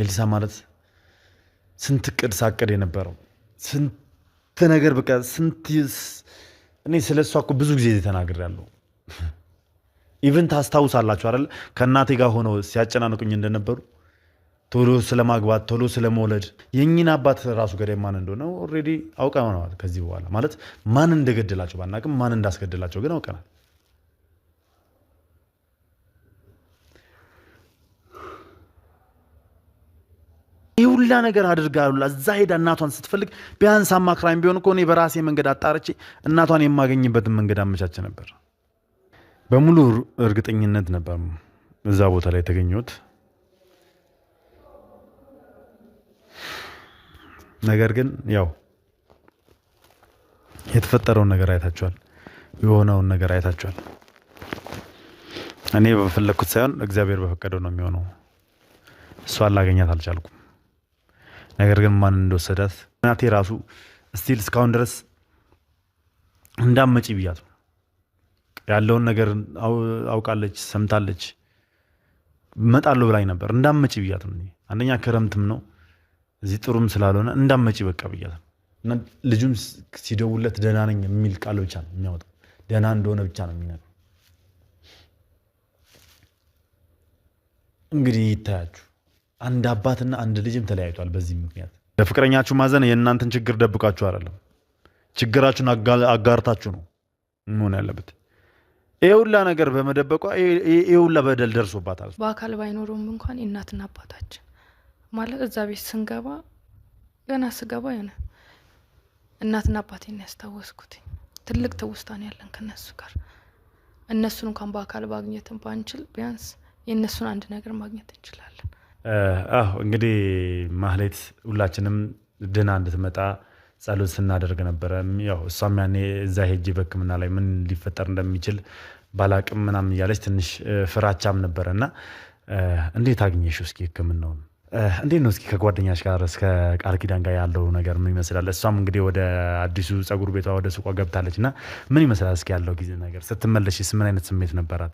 ኤልሳ ማለት ስንት ቅድ ሳቅድ የነበረው ስንት ነገር በቃ ስንት እኔ ስለ እሷ እኮ ብዙ ጊዜ ተናግሬያለሁ። ኢቨን ታስታውሳላችሁ አይደል? ከእናቴ ጋር ሆነው ሲያጨናንቁኝ እንደነበሩ ቶሎ ስለማግባት ቶሎ ስለመውለድ የኝን አባት ራሱ ገዳይ ማን እንደሆነ ኦልሬዲ አውቀነዋል። ከዚህ በኋላ ማለት ማን እንደገደላቸው ባናቅም ማን እንዳስገደላቸው ግን አውቀናል። ይህ ሁላ ነገር አድርጋ ሁላ እዛ ሄዳ እናቷን ስትፈልግ ቢያንስ አማክራኝ ቢሆን እኮ እኔ በራሴ መንገድ አጣርቼ እናቷን የማገኝበትን መንገድ አመቻቸ ነበር። በሙሉ እርግጠኝነት ነበር እዛ ቦታ ላይ የተገኘሁት። ነገር ግን ያው የተፈጠረውን ነገር አይታችኋል፣ የሆነውን ነገር አይታችኋል። እኔ በፈለግኩት ሳይሆን እግዚአብሔር በፈቀደው ነው የሚሆነው። እሷን ላገኛት አልቻልኩም። ነገር ግን ማን እንደወሰዳት እናቴ ራሱ ስቲል እስካሁን ድረስ እንዳመጪ ብያት ነው ያለውን ነገር አውቃለች፣ ሰምታለች። መጣለሁ ብላኝ ነበር። እንዳመጪ ብያት ነው። አንደኛ ክረምትም ነው እዚህ ጥሩም ስላልሆነ እንዳመጪ በቃ ብያት ነው። እና ልጁም ሲደውለት ደህና ነኝ የሚል ቃል ብቻ ነው የሚያወጣው። ደህና እንደሆነ ብቻ ነው የሚነግረው። እንግዲህ ይታያችሁ። አንድ አባትና አንድ ልጅም ተለያይቷል። በዚህ ምክንያት ለፍቅረኛችሁ ማዘን የእናንተን ችግር ደብቃችሁ አይደለም፣ ችግራችሁን አጋርታችሁ ነው መሆን ያለበት። ሁላ ነገር በመደበቋ ሁላ በደል ደርሶባታል። በአካል ባይኖሩም እንኳን የእናትና አባታችን ማለት እዛ ቤት ስንገባ ገና ስገባ የሆነ እናትና አባቴን ያስታወስኩት ትልቅ ትውስታን ያለን ከነሱ ጋር እነሱን እንኳን በአካል ማግኘትን ባንችል ቢያንስ የእነሱን አንድ ነገር ማግኘት እንችላለን። አዎ እንግዲህ ማህሌት ሁላችንም ድና እንድትመጣ ጸሎት ስናደርግ ነበረ ያው እሷም ያኔ እዛ ሄጄ በህክምና ላይ ምን ሊፈጠር እንደሚችል ባላቅም ምናምን እያለች ትንሽ ፍራቻም ነበረ እና እንዴት አግኘሽው እስኪ ህክምናውን እንዴት ነው እስኪ ከጓደኛች ጋር እስከ ቃል ኪዳን ጋር ያለው ነገር ምን ይመስላል? እሷም እንግዲህ ወደ አዲሱ ፀጉር ቤቷ ወደ ሱቋ ገብታለች እና ምን ይመስላል እስኪ ያለው ጊዜ ነገር? ስትመለሽ ምን አይነት ስሜት ነበራት?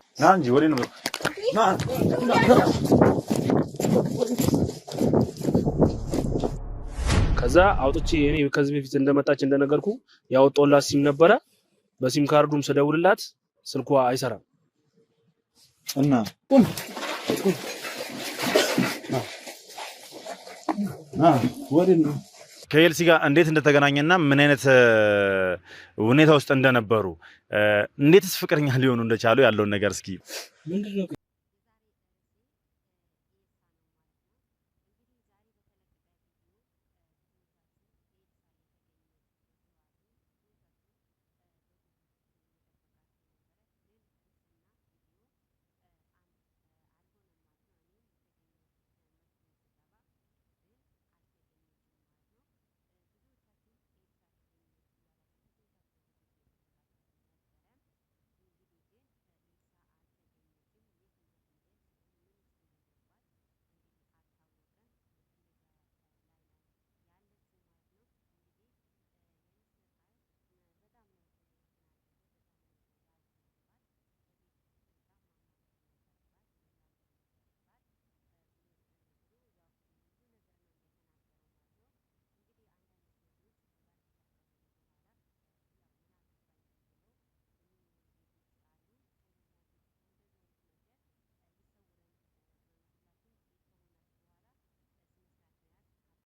ከዛ አውጥቼ እኔ ከዚህ በፊት እንደመጣች እንደነገርኩ ያወጣሁላት ሲም ነበረ። በሲም ካርዱም ስደውልላት ስልኳ አይሰራም እና ከኤልሲ ጋር እንዴት እንደተገናኘና ምን አይነት ሁኔታ ውስጥ እንደነበሩ እንዴትስ ፍቅረኛ ሊሆኑ እንደቻሉ ያለውን ነገር እስኪ